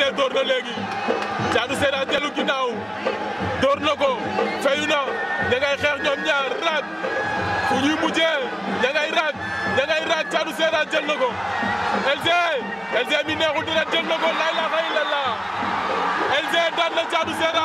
Sène door na léegi Thiatou Sène a dellu ginnaaw door na ko fayu na ña ngay xeex ñoom ñaar raak fu ñuy mujjee ña ngay raak ña ngay raak a jël na ko LG LG mi neexul dina jël na ko laa ilaaha illallaah LG daan na Thiatou Sène